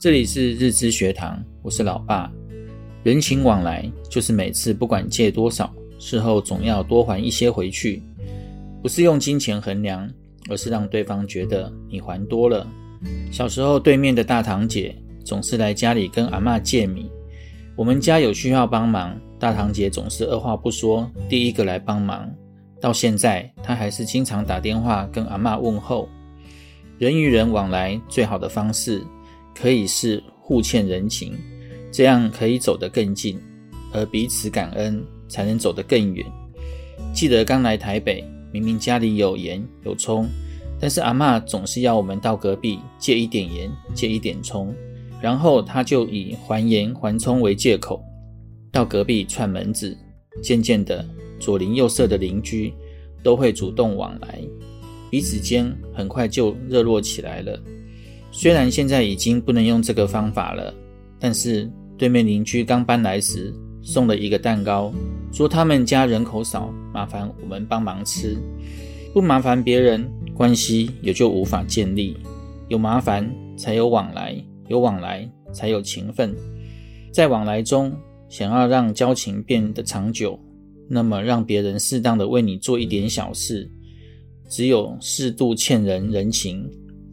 這裡是日知學堂，我是老爸。人情往來，就是每次不管借多少，事後總要多還一些回去，不是用金錢衡量，而是讓對方覺得你還多了。小時候，對面的大堂姐總是來家裡跟阿嬤，借米，我們家有需要幫忙，大堂姐總是二話不說，第一個來幫忙。到現在，她還是經常打電話跟阿嬤問候。人與人往來最好的方式，可以是互欠人情，這樣可以走得更近，而彼此感恩，才能走得更遠。記得剛來台北，明明家裡有鹽有蔥，但是阿嬤總是要我們到隔壁借一點鹽，借一點蔥，然後她就以還鹽還蔥為借口，到隔壁串門子。漸漸的，左鄰右舍的鄰居都會主動往來，彼此間很快就熱絡起來了。雖然現在已經不能用這個方法了，但是對面鄰居剛搬來時送了一個蛋糕，說他們家人口少，麻煩我們幫忙吃。不麻煩別人，關係也就無法建立。有麻煩才有往來，有往來才有情分。在往來中，想要讓交情變得長久，那麼讓別人適當的為你做一點小事，只有適度欠人人情。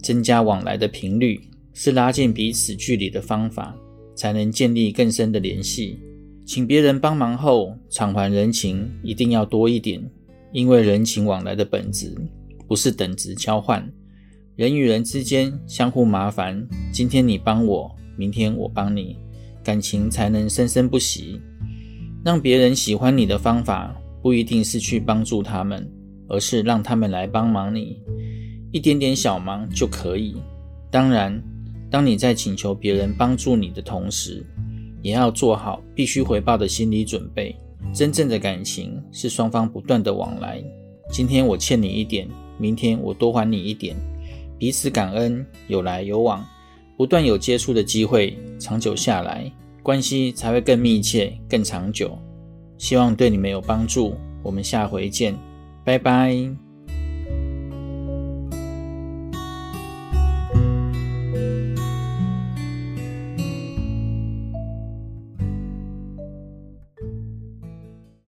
增加往來的頻率是拉近彼此距離的方法，才能建立更深的聯繫。請別人幫忙後，償還人情一定要多一點，因為人情往來的本質不是等值交換。人與人之間相互麻煩，今天你幫我，明天我幫你，感情才能生生不息。讓別人喜歡你的方法，不一定是去幫助他們，而是讓他們來幫忙你。一點點小忙就可以。當然，當你在請求別人幫助你的同時，也要做好必須回報的心理準備。真正的感情是雙方不斷的往來。今天我欠你一點，明天我多還你一點，彼此感恩，有來有往，不斷有接觸的機會，長久下來，關係才會更密切、更長久。希望對你們有幫助，我們下回見，拜拜。